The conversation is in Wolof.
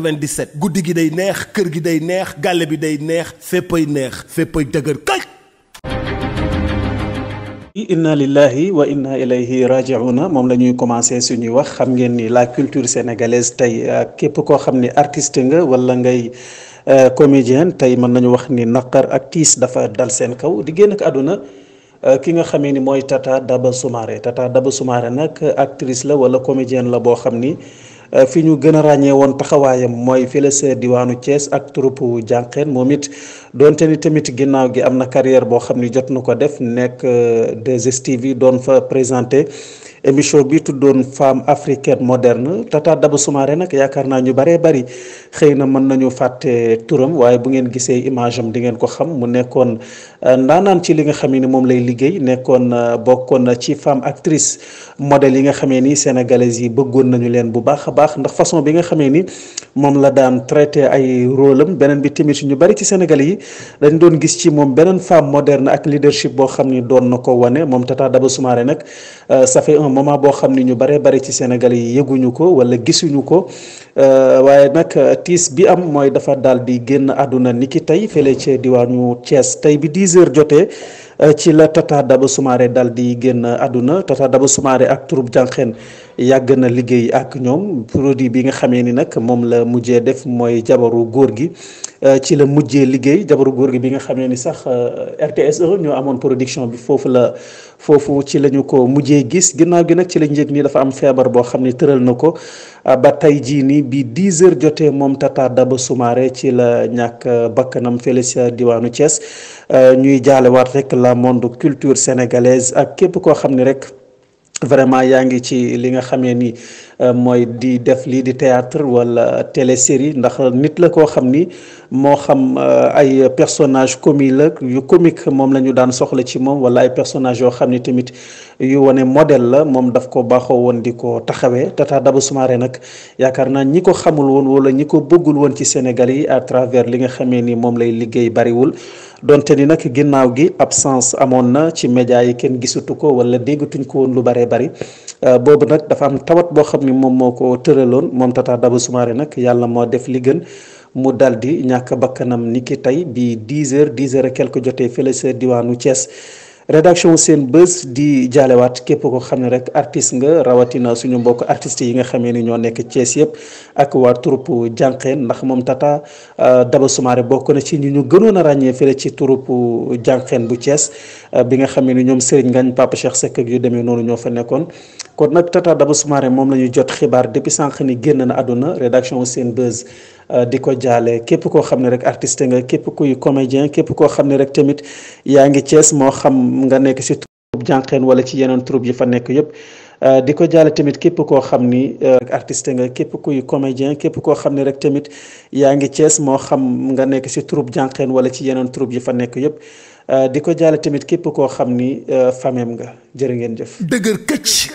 97 guddi gi day neex kër gi day neex gàlle bi day neex féppay neex féppay dëgër kay inna lillahi wa inna ilayhi rajiuna moom la ñuy commencé suñuy wax xam ngeen nii la culture sénégalaise tey euh, képp koo xam ni artiste nga walla ngay euh, comédien tey mën nañu wax ni naqar ak kiis dafa dal seen kaw di génn ak àdduna euh, ki nga xamee ni mooy Tata Daba Soumaré Tata Daba Soumaré nag actrice la wala comédienne la boo xam ni Euh, fi ñu gën a ràññee woon taxawaayam mooy fële sa diwaanu Thiès ak troupe jànqeen moom it doonte ni tamit ginnaaw gi am na carrière boo xam ni jot na ko def nekk euh, 2STV doon fa présenté émission bi tuddoon femme africaine moderne Tata Daba Soumaré nag yaakaar naa ñu baree bari xëy na mën nañu fàtte turam waaye bu ngeen gisee image am di ngeen ko xam mu nekkoon euh, ndaanaan ci li nga xam ni moom lay liggéey nekkoon bokkoon na ci femme actrice modèle yi nga xamee ni sénégalaises yi bëggoon nañu leen bu baax baax ndax façon bi nga xamee ni moom la daan traité ay rôle am beneen bi tamit ñu bari ci Sénégalais yi dañ doon gis ci moom beneen femme moderne ak leadership boo xam ni doon na ko wane moom Tata Daba Soumaré nag euh, ça fait un moment xam ni ñu baree bari ci Sénégalais yi yëguñu ko wala gisuñu ko euh, waaye nag euh, tiis bi am mooy dafa daal di génn àdduna niki tey fële ci diwaanu Thiès tey bi 10 heures jotee ci la Tata Daba Soumaré dal di génn àdduna Tata Daba Soumaré ak turub jànqeen yàgg na liggéey ak ñoom produit bi nga xamee ni nag moom la. mujjee def mooy jabaru góor gi euh, ci la mujjee liggéey jabaru góor gi bi nga xam ne ni sax euh, rts e ñoo amoon production bi foofu la foofu ci la ñu ko mujjee gis ginnaaw gi nag ci la njëg nii dafa am feebar boo xam ne tëral na ko euh, ba tey jii nii bi 10 heures jotee moom Tata Daba Soumaré ci la ñàkk bakkanam fële ca diwaanu Thiès ñuy jaalewaat rek la monde culture sénégalaise ak képp koo xam ne rek vraiment yaa ngi ci li nga xamee ni Euh, mooy di def lii di théâtre wala télésérie ndax nit la koo xam ni moo xam euh, ay personnage comique la yu comique moom la ñu daan soxla ci moom wala ay personnage yoo xam ni tamit yu wane modèle la moom daf ko baaxoo woon di ko taxawee Tata Daba Soumaré nag yaakaar naa ñi ko xamul woon wala ñi ko bëggul woon ci Sénégal yi à travers li nga xamee ni moom lay liggéey bariwul donte ni nag ginnaaw gi absence amoon na ci média yi kenn gisutu ko wala déggatuñ ko woon lu baree bari Euh, boobu nag dafa am tawat boo xam ni moom moo ko tëraloon moom Tata Daba Soumaré nag yàlla moo def li gën mu dal di ñàkk bakkanam ni ki tey bi 10 heures 10 heures et quelque jotee fële sa diwaanu Thiès. rédaction seen bës di jaalewaat képp ko xam ne rek artiste nga rawatina suñu mbokk artistes yi nga xamee ni ñoo nekk cees yëpp ak waa troupe jànqeen ndax moom Tata euh, Daba Soumaré bokk na ci ñi ñu gënoon a ràññee fële ci troupe jànqeen bu cees euh, bi nga xamee ni ñoom Serigne Ngagne Papa Cheikh Seck yu demee noonu ñoo fa nekkoon kon nag Tata Daba Soumaré moom la ñu jot xibaar depuis sànq ni génn na àdduna rédaction Senbuzz euh, di ko jaale képp koo xam ne rek artiste nga képp kuy comédien képp koo xam ne rek tamit yaa ngi Cees moo xam nga nekk si troupe wala ci yeneen troupe yi fa nekk yépp euh, di ko jaale tamit képp koo xam ni euh, artiste nga képp kuy comédien képp koo xam ne rek tamit yaa ngi Cees moo xam nga nekk si troupe jànqeen wala ci yeneen troupe yi fa nekk yépp di ko jaale tamit képp koo xam ni fameem nga jër ngeen jëf